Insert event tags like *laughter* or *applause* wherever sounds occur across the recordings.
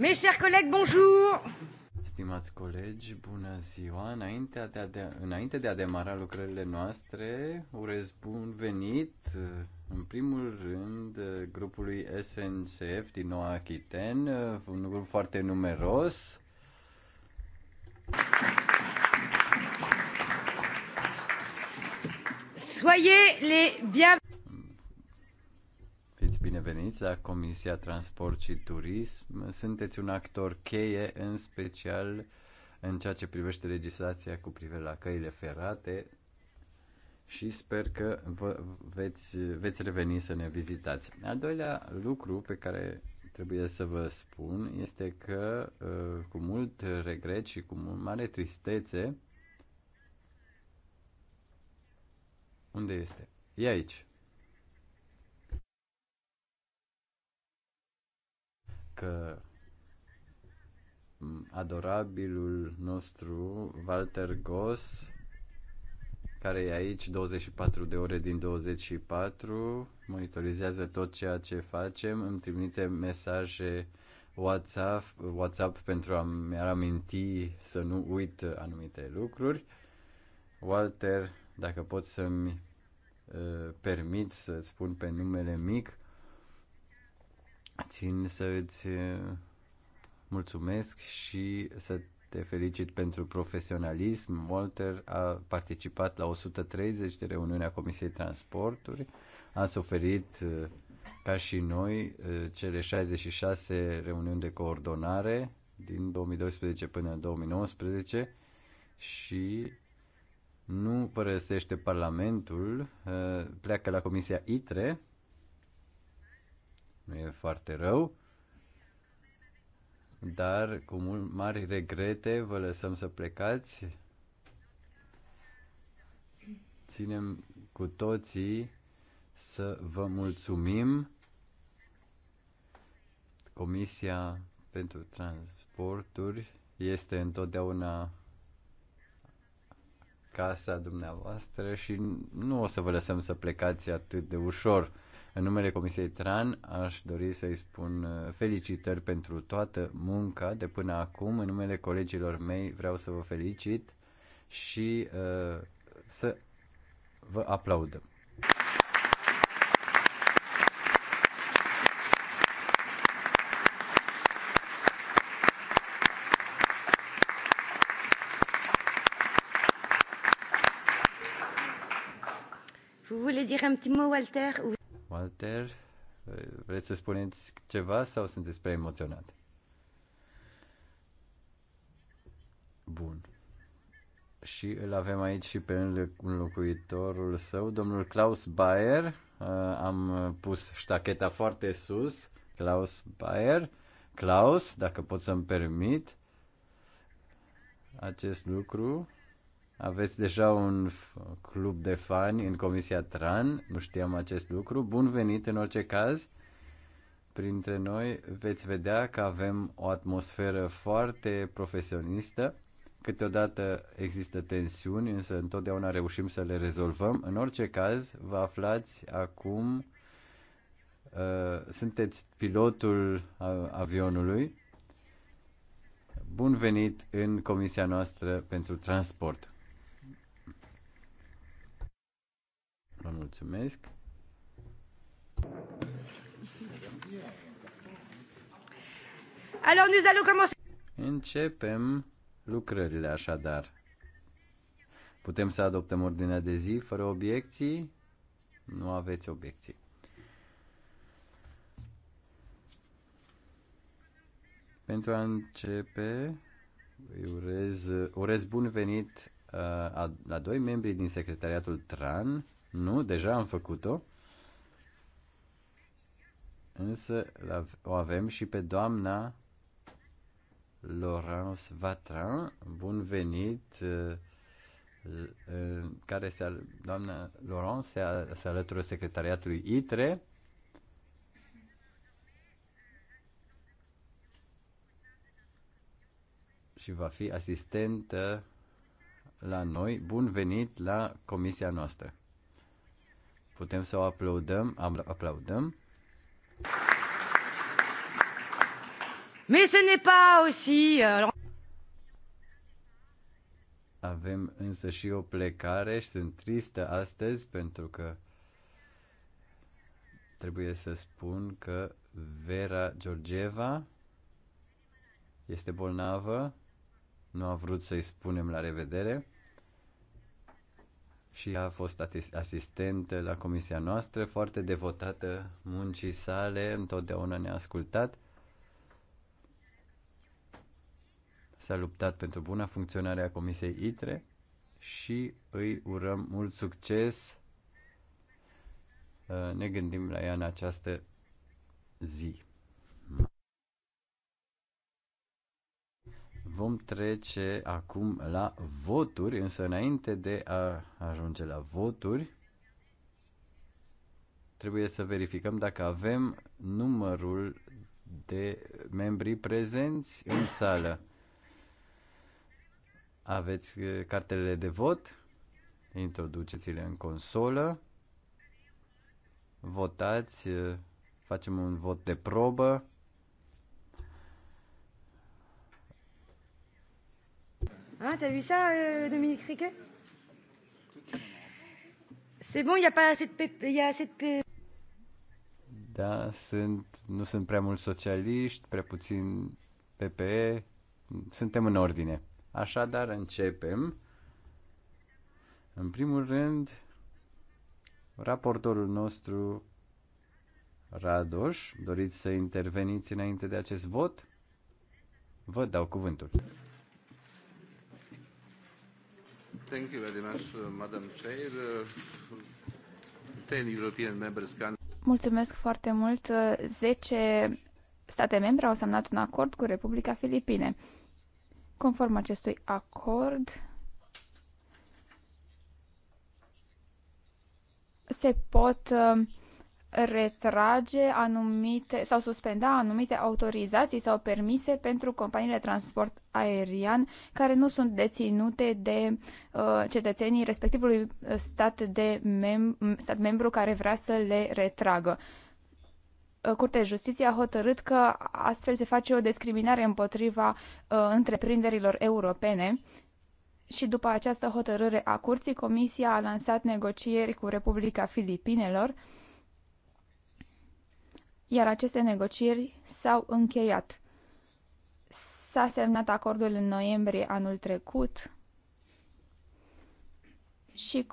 Mes chers collègues, bonjour! Stimați colegi, bună ziua! Înainte de, a de, înainte de a demara lucrările noastre, urez bun venit în primul rând grupului SNCF din Noua Achiten, un grup foarte numeros. Soyez les bienvenus! veniți la Comisia Transport și Turism. Sunteți un actor cheie, în special în ceea ce privește legislația cu privire la căile ferate și sper că vă, veți, veți reveni să ne vizitați. Al doilea lucru pe care trebuie să vă spun este că uh, cu mult regret și cu mare tristețe unde este? E aici. că adorabilul nostru, Walter Goss, care e aici 24 de ore din 24, monitorizează tot ceea ce facem, îmi trimite mesaje WhatsApp, WhatsApp pentru a mi aminti să nu uit anumite lucruri. Walter, dacă pot să-mi uh, permit să-ți spun pe numele mic, țin să îți uh, mulțumesc și să te felicit pentru profesionalism. Walter a participat la 130 de reuniuni a Comisiei Transporturi. A suferit, uh, ca și noi, uh, cele 66 reuniuni de coordonare din 2012 până în 2019 și nu părăsește Parlamentul, pleacă la Comisia ITRE nu e foarte rău. Dar cu mari regrete vă lăsăm să plecați. Ținem cu toții să vă mulțumim. Comisia pentru transporturi este întotdeauna casa dumneavoastră și nu o să vă lăsăm să plecați atât de ușor. În numele Comisiei TRAN aș dori să-i spun uh, felicitări pentru toată munca de până acum. În numele colegilor mei vreau să vă felicit și uh, să vă aplaudăm. Vous voulez dire un petit mot, Walter Peter, vreți să spuneți ceva sau sunteți prea emoționat? Bun. Și îl avem aici și pe înlocuitorul său, domnul Klaus Bayer. Uh, am pus ștacheta foarte sus. Klaus Bayer. Klaus, dacă pot să-mi permit acest lucru, aveți deja un club de fani în Comisia TRAN, nu știam acest lucru. Bun venit în orice caz. Printre noi veți vedea că avem o atmosferă foarte profesionistă. Câteodată există tensiuni, însă întotdeauna reușim să le rezolvăm. În orice caz, vă aflați acum, uh, sunteți pilotul uh, avionului. Bun venit în comisia noastră pentru transport. Vă mulțumesc. Alors, nous allons commencer. Începem lucrările așadar. Putem să adoptăm ordinea de zi fără obiecții? Nu aveți obiecții. Pentru a începe, îi urez, urez bun venit uh, a, la doi membri din secretariatul TRAN, nu, deja am făcut-o. Însă o avem și pe doamna Laurence Vatran. Bun venit! Uh, care se, doamna Laurence se, se alătură secretariatului ITRE. și va fi asistentă la noi. Bun venit la comisia noastră! Putem să o aplaudăm, am aplaudăm. Mais ce n'est pas aussi... Euh, Avem însă și o plecare și sunt tristă astăzi pentru că trebuie să spun că Vera Georgieva este bolnavă. Nu a vrut să-i spunem la revedere și a fost asistentă la comisia noastră, foarte devotată muncii sale, întotdeauna ne-a ascultat. S-a luptat pentru buna funcționare a comisiei ITRE și îi urăm mult succes. Uh, ne gândim la ea în această zi. Vom trece acum la voturi, însă înainte de a ajunge la voturi, trebuie să verificăm dacă avem numărul de membri prezenți în sală. Aveți eh, cartele de vot, introduceți-le în consolă, votați, eh, facem un vot de probă. Hein, T'as vu ça, euh, Dominique Riquet C'est bon, il n'y a pas assez de... Pep... Y a assez de pep... Da, sunt, nu sunt prea mulți socialiști, prea puțin PPE, suntem în ordine. Așadar, începem. În primul rând, raportorul nostru, Radoș, doriți să interveniți înainte de acest vot? Vă dau cuvântul. Thank you very much, uh, Madam Chair. Uh, ten European members can... Mulțumesc foarte mult. 10 uh, state membre au semnat un acord cu Republica Filipine. Conform acestui acord, se pot retrage anumite sau suspenda anumite autorizații sau permise pentru companiile transport, aerian care nu sunt deținute de uh, cetățenii respectivului uh, stat, de mem- stat membru care vrea să le retragă. Uh, Curtea de Justiție a hotărât că astfel se face o discriminare împotriva uh, întreprinderilor europene și după această hotărâre a curții, Comisia a lansat negocieri cu Republica Filipinelor, iar aceste negocieri s-au încheiat. S-a semnat acordul în noiembrie anul trecut și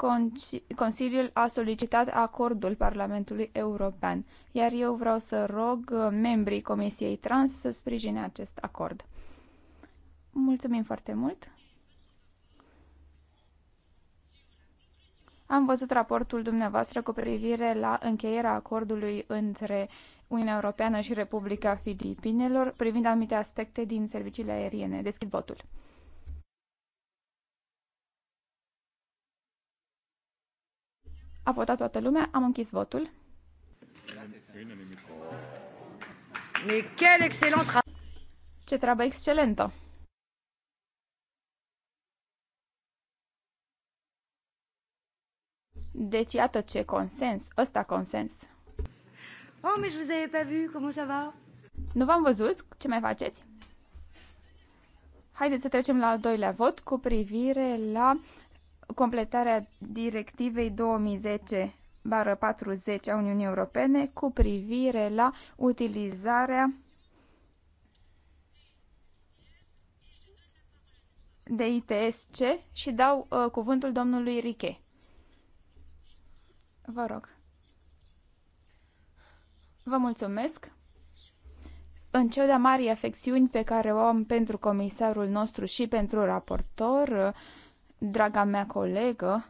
Consiliul a solicitat acordul Parlamentului European, iar eu vreau să rog uh, membrii Comisiei Trans să sprijine acest acord. Mulțumim foarte mult! Am văzut raportul dumneavoastră cu privire la încheierea acordului între uh, Uniunea Europeană și Republica Filipinelor privind anumite aspecte din serviciile aeriene. Deschid votul. A votat toată lumea, am închis votul. Ce treabă excelentă! Deci iată ce consens, ăsta consens. Oh, mais je vous avais pas vu, comment ça va? Nu v-am văzut, ce mai faceți? Haideți să trecem la al doilea vot cu privire la completarea directivei 2010 40 a Uniunii Europene cu privire la utilizarea de ITSC și dau uh, cuvântul domnului Riche. Vă rog. Vă mulțumesc! În cel de mari afecțiuni pe care o am pentru comisarul nostru și pentru raportor, draga mea colegă,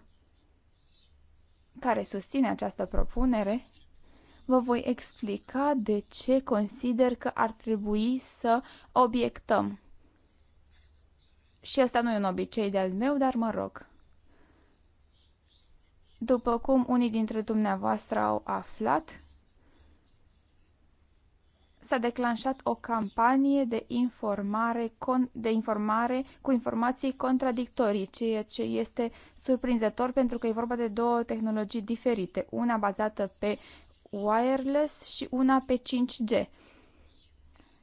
care susține această propunere, vă voi explica de ce consider că ar trebui să obiectăm. Și asta nu e un obicei de-al meu, dar mă rog. După cum unii dintre dumneavoastră au aflat, s-a declanșat o campanie de informare, con, de informare cu informații contradictorii, ceea ce este surprinzător pentru că e vorba de două tehnologii diferite, una bazată pe wireless și una pe 5G.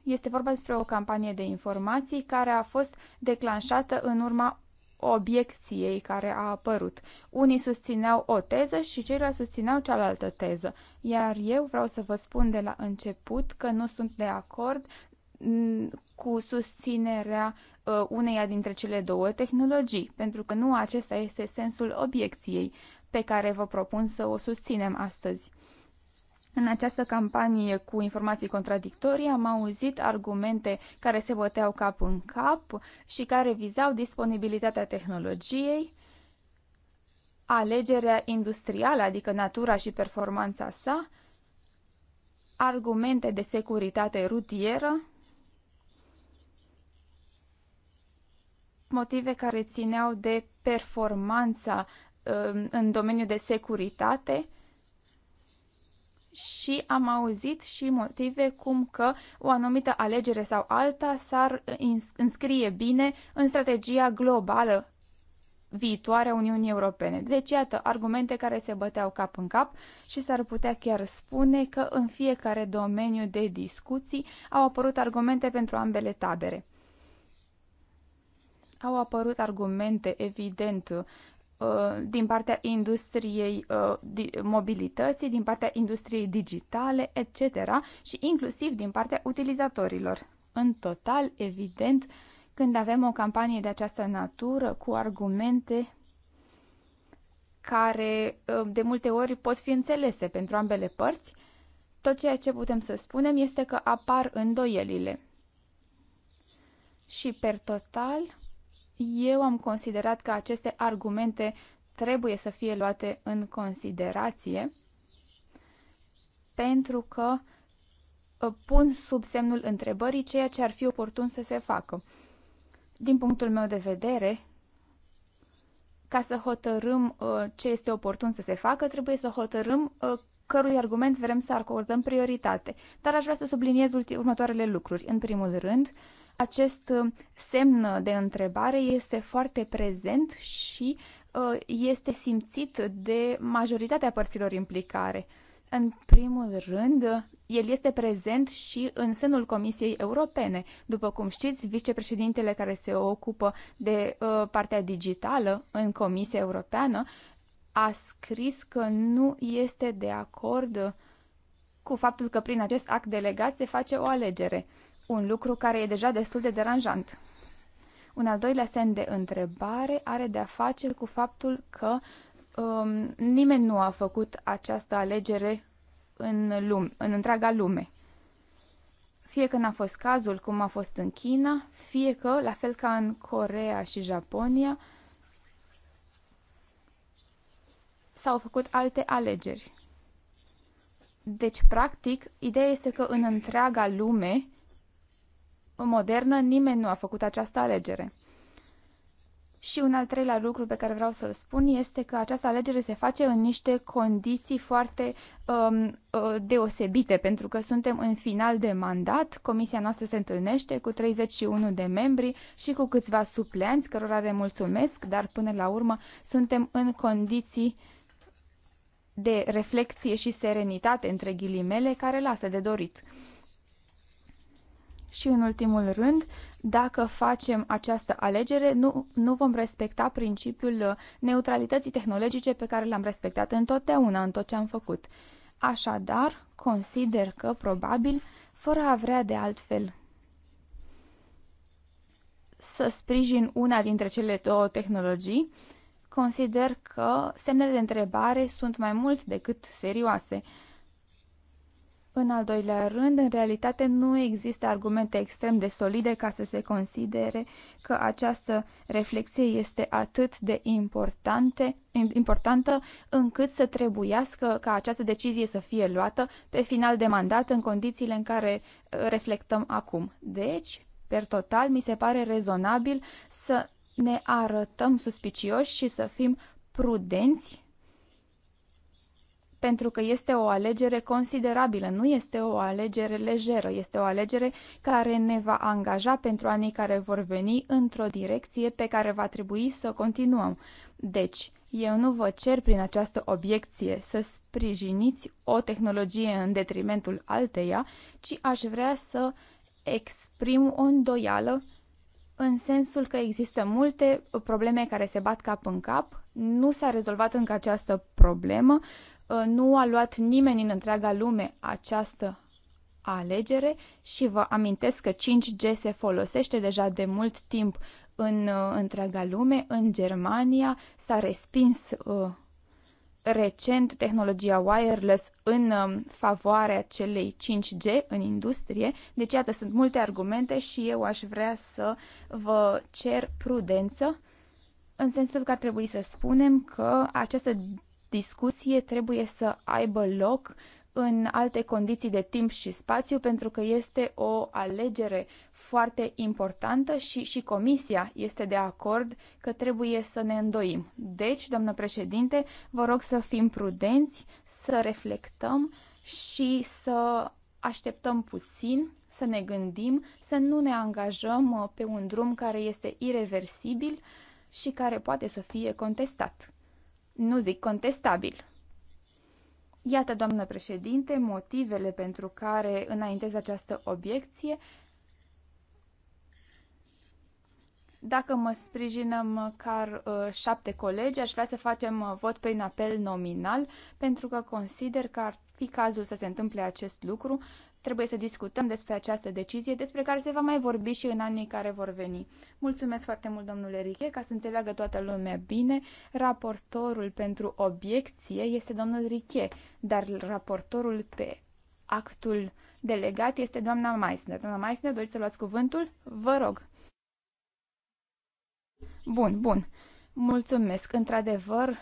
Este vorba despre o campanie de informații care a fost declanșată în urma obiecției care a apărut. Unii susțineau o teză și ceilalți susțineau cealaltă teză. Iar eu vreau să vă spun de la început că nu sunt de acord mm, cu susținerea uh, uneia dintre cele două tehnologii, pentru că nu acesta este sensul obiecției pe care vă propun să o susținem astăzi. În această campanie cu informații contradictorii am auzit argumente care se băteau cap în cap și care vizau disponibilitatea tehnologiei, alegerea industrială, adică natura și performanța sa, argumente de securitate rutieră, motive care țineau de performanța um, în domeniul de securitate, și am auzit și motive cum că o anumită alegere sau alta s-ar înscrie bine în strategia globală viitoare a Uniunii Europene. Deci, iată, argumente care se băteau cap în cap și s-ar putea chiar spune că în fiecare domeniu de discuții au apărut argumente pentru ambele tabere. Au apărut argumente, evident, Uh, din partea industriei uh, mobilității, din partea industriei digitale, etc. și inclusiv din partea utilizatorilor. În total, evident, când avem o campanie de această natură cu argumente care uh, de multe ori pot fi înțelese pentru ambele părți, tot ceea ce putem să spunem este că apar îndoielile. Și per total, eu am considerat că aceste argumente trebuie să fie luate în considerație pentru că uh, pun sub semnul întrebării ceea ce ar fi oportun să se facă. Din punctul meu de vedere, ca să hotărâm uh, ce este oportun să se facă, trebuie să hotărâm uh, cărui argument vrem să acordăm prioritate. Dar aș vrea să subliniez următoarele lucruri. În primul rând, uh, acest uh, semn de întrebare este foarte prezent și uh, este simțit de majoritatea părților implicare. În primul rând, el este prezent și în sânul Comisiei Europene. După cum știți, vicepreședintele care se ocupă de uh, partea digitală în Comisia Europeană a scris că nu este de acord cu faptul că prin acest act delegat se face o alegere un lucru care e deja destul de deranjant. Un al doilea semn de întrebare are de-a face cu faptul că um, nimeni nu a făcut această alegere în, lume, în întreaga lume. Fie că n-a fost cazul cum a fost în China, fie că, la fel ca în Corea și Japonia, s-au făcut alte alegeri. Deci, practic, ideea este că în întreaga lume modernă, nimeni nu a făcut această alegere. Și un al treilea lucru pe care vreau să-l spun este că această alegere se face în niște condiții foarte um, uh, deosebite, pentru că suntem în final de mandat, comisia noastră se întâlnește cu 31 de membri și cu câțiva supleanți, cărora le mulțumesc, dar până la urmă suntem în condiții de reflexie și serenitate, între ghilimele, care lasă de dorit. Și în ultimul rând, dacă facem această alegere, nu, nu vom respecta principiul neutralității tehnologice pe care l-am respectat întotdeauna în tot ce am făcut. Așadar, consider că, probabil, fără a vrea de altfel să sprijin una dintre cele două tehnologii, consider că semnele de întrebare sunt mai mult decât serioase. În al doilea rând, în realitate nu există argumente extrem de solide ca să se considere că această reflexie este atât de importante, importantă încât să trebuiască ca această decizie să fie luată pe final de mandat în condițiile în care uh, reflectăm acum. Deci, per total, mi se pare rezonabil să ne arătăm suspicioși și să fim prudenți pentru că este o alegere considerabilă, nu este o alegere lejeră, este o alegere care ne va angaja pentru anii care vor veni într-o direcție pe care va trebui să continuăm. Deci, eu nu vă cer prin această obiecție să sprijiniți o tehnologie în detrimentul alteia, ci aș vrea să exprim o îndoială în sensul că există multe probleme care se bat cap în cap, nu s-a rezolvat încă această problemă Uh, nu a luat nimeni în întreaga lume această alegere și vă amintesc că 5G se folosește deja de mult timp în uh, întreaga lume. În Germania s-a respins uh, recent tehnologia wireless în uh, favoarea celei 5G în industrie. Deci, iată, sunt multe argumente și eu aș vrea să vă cer prudență în sensul că ar trebui să spunem că această discuție trebuie să aibă loc în alte condiții de timp și spațiu, pentru că este o alegere foarte importantă și, și Comisia este de acord că trebuie să ne îndoim. Deci, doamnă președinte, vă rog să fim prudenți, să reflectăm și să așteptăm puțin, să ne gândim, să nu ne angajăm uh, pe un drum care este irreversibil și care poate să fie contestat nu zic contestabil. Iată, doamnă președinte, motivele pentru care înaintez această obiecție. Dacă mă sprijină măcar uh, șapte colegi, aș vrea să facem uh, vot prin apel nominal, pentru că consider că ar fi cazul să se întâmple acest lucru, Trebuie să discutăm despre această decizie, despre care se va mai vorbi și în anii care vor veni. Mulțumesc foarte mult, domnule Riche, ca să înțeleagă toată lumea bine. Raportorul pentru obiecție este domnul Riche, dar raportorul pe actul delegat este doamna Maisner. Doamna Maisner, doriți să luați cuvântul? Vă rog. Bun, bun. Mulțumesc. Într-adevăr,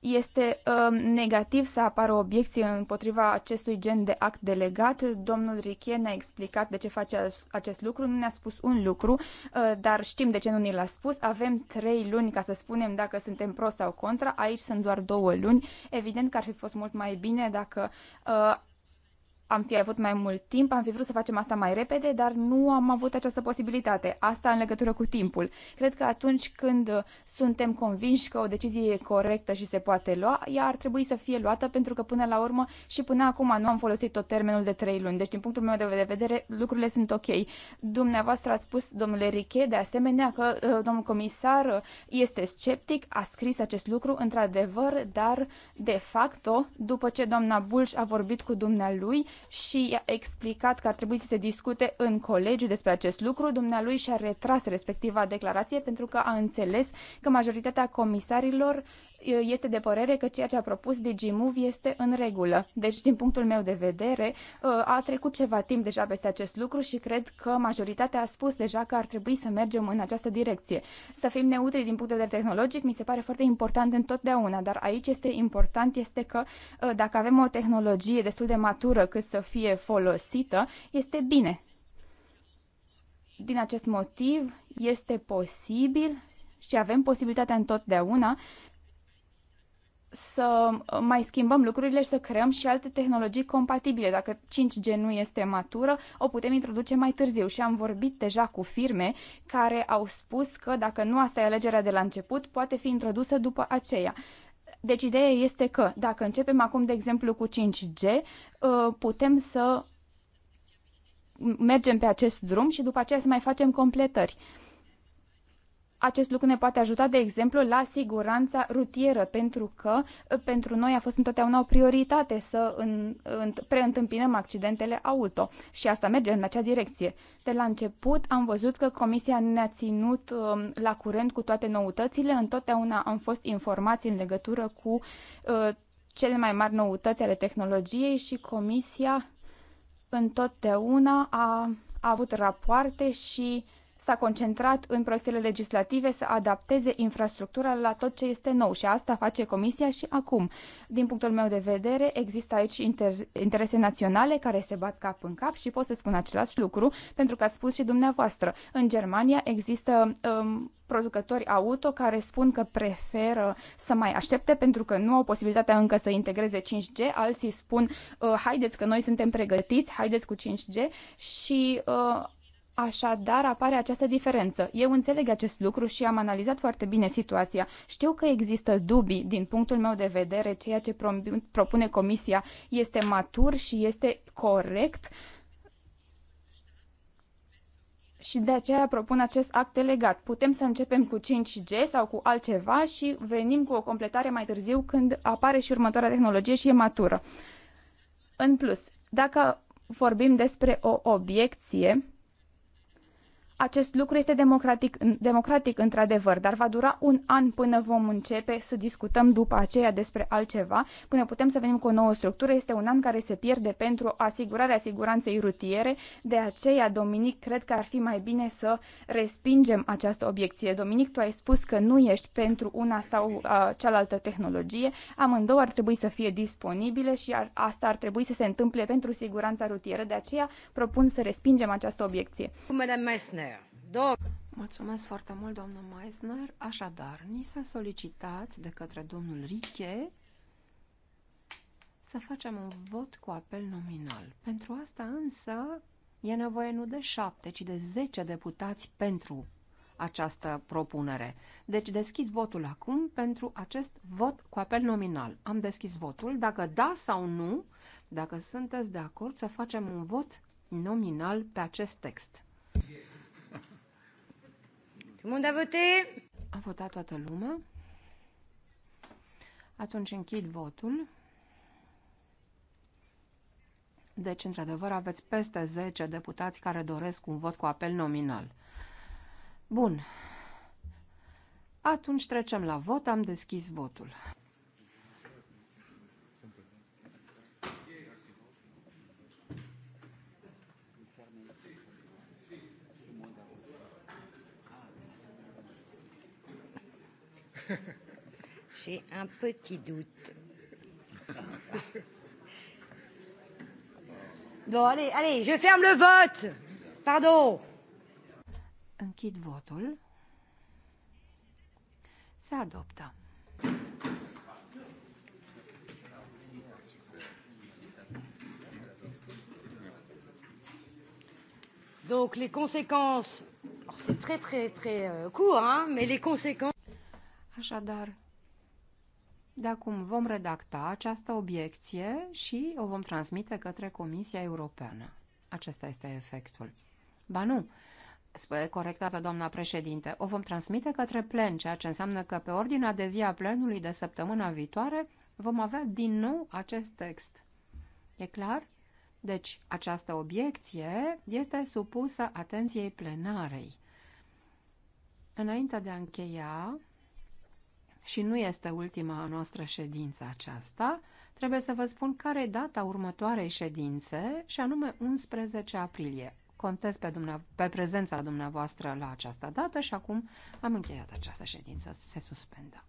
este uh, negativ să apară obiecții împotriva acestui gen de act delegat. Domnul Riche ne-a explicat de ce face acest lucru, nu ne-a spus un lucru, uh, dar știm de ce nu ni l-a spus. Avem trei luni ca să spunem dacă suntem pro sau contra, aici sunt doar două luni. Evident că ar fi fost mult mai bine dacă uh, am fi avut mai mult timp, am fi vrut să facem asta mai repede, dar nu am avut această posibilitate. Asta în legătură cu timpul. Cred că atunci când suntem convinși că o decizie e corectă și se poate lua, ea ar trebui să fie luată pentru că până la urmă și până acum nu am folosit tot termenul de trei luni. Deci, din punctul meu de vedere, lucrurile sunt ok. Dumneavoastră ați spus, domnule Riche, de asemenea că uh, domnul comisar este sceptic, a scris acest lucru, într-adevăr, dar de facto, după ce doamna Bulș a vorbit cu dumnealui, și a explicat că ar trebui să se discute în colegiu despre acest lucru. Dumnealui și-a retras respectiva declarație pentru că a înțeles că majoritatea comisarilor este de părere că ceea ce a propus DigiMove este în regulă. Deci, din punctul meu de vedere, ă, a trecut ceva timp deja peste acest lucru și cred că majoritatea a spus deja că ar trebui să mergem în această direcție. Să fim neutri din punct de vedere tehnologic mi se pare foarte important întotdeauna, dar aici este important este că ă, dacă avem o tehnologie destul de matură cât să fie folosită, este bine. Din acest motiv, este posibil și avem posibilitatea întotdeauna să uh, mai schimbăm lucrurile și să creăm și alte tehnologii compatibile. Dacă 5G nu este matură, o putem introduce mai târziu și am vorbit deja cu firme care au spus că dacă nu asta e alegerea de la început, poate fi introdusă după aceea. Deci ideea este că dacă începem acum, de exemplu, cu 5G, uh, putem să mergem pe acest drum și după aceea să mai facem completări. Acest lucru ne poate ajuta, de exemplu, la siguranța rutieră, pentru că uh, pentru noi a fost întotdeauna o prioritate să în, în, preîntâmpinăm accidentele auto și asta merge în acea direcție. De la început am văzut că Comisia ne-a ținut um, la curent cu toate noutățile, întotdeauna am fost informați în legătură cu uh, cele mai mari noutăți ale tehnologiei și Comisia întotdeauna a, a avut rapoarte și s-a concentrat în proiectele legislative să adapteze infrastructura la tot ce este nou și asta face Comisia și acum. Din punctul meu de vedere, există aici inter- interese naționale care se bat cap în cap și pot să spun același lucru pentru că ați spus și dumneavoastră. În Germania există um, producători auto care spun că preferă să mai aștepte pentru că nu au posibilitatea încă să integreze 5G, alții spun uh, haideți că noi suntem pregătiți, haideți cu 5G și uh, Așadar apare această diferență. Eu înțeleg acest lucru și am analizat foarte bine situația. Știu că există dubii din punctul meu de vedere, ceea ce propune Comisia este matur și este corect și de aceea propun acest act delegat. Putem să începem cu 5G sau cu altceva și venim cu o completare mai târziu când apare și următoarea tehnologie și e matură. În plus, dacă vorbim despre o obiecție, acest lucru este democratic, democratic într-adevăr, dar va dura un an până vom începe să discutăm după aceea despre altceva. Până putem să venim cu o nouă structură, este un an care se pierde pentru asigurarea siguranței rutiere. De aceea, Dominic, cred că ar fi mai bine să respingem această obiecție. Dominic, tu ai spus că nu ești pentru una sau uh, cealaltă tehnologie. Amândouă ar trebui să fie disponibile și ar, asta ar trebui să se întâmple pentru siguranța rutieră. De aceea propun să respingem această obiecție. Cum Meissner. Mulțumesc foarte mult, domnul Meisner. Așadar, ni s-a solicitat de către domnul Riche să facem un vot cu apel nominal. Pentru asta însă e nevoie nu de șapte, ci de zece deputați pentru această propunere. Deci deschid votul acum pentru acest vot cu apel nominal. Am deschis votul. Dacă da sau nu, dacă sunteți de acord să facem un vot nominal pe acest text. Tout le monde a voté? A votat toată lumea. Atunci închid votul. Deci, într-adevăr, aveți peste 10 deputați care doresc un vot cu apel nominal. Bun. Atunci trecem la vot. Am deschis votul. *laughs* J'ai un petit doute. Bon, allez, allez, je ferme le vote. Pardon. Un Închid votul. Ça adopte. Donc les conséquences, c'est très très très euh, court, hein, mais les conséquences. Așadar, de acum vom redacta această obiecție și o vom transmite către Comisia Europeană. Acesta este efectul. Ba nu, corectează doamna președinte, o vom transmite către plen, ceea ce înseamnă că pe ordinea de zi a plenului de săptămâna viitoare vom avea din nou acest text. E clar? Deci, această obiecție este supusă atenției plenarei. Înainte de a încheia, și nu este ultima noastră ședință aceasta, trebuie să vă spun care e data următoarei ședințe, și anume 11 aprilie. Contez pe, dumneav- pe prezența dumneavoastră la această dată și acum am încheiat această ședință. Se suspendă.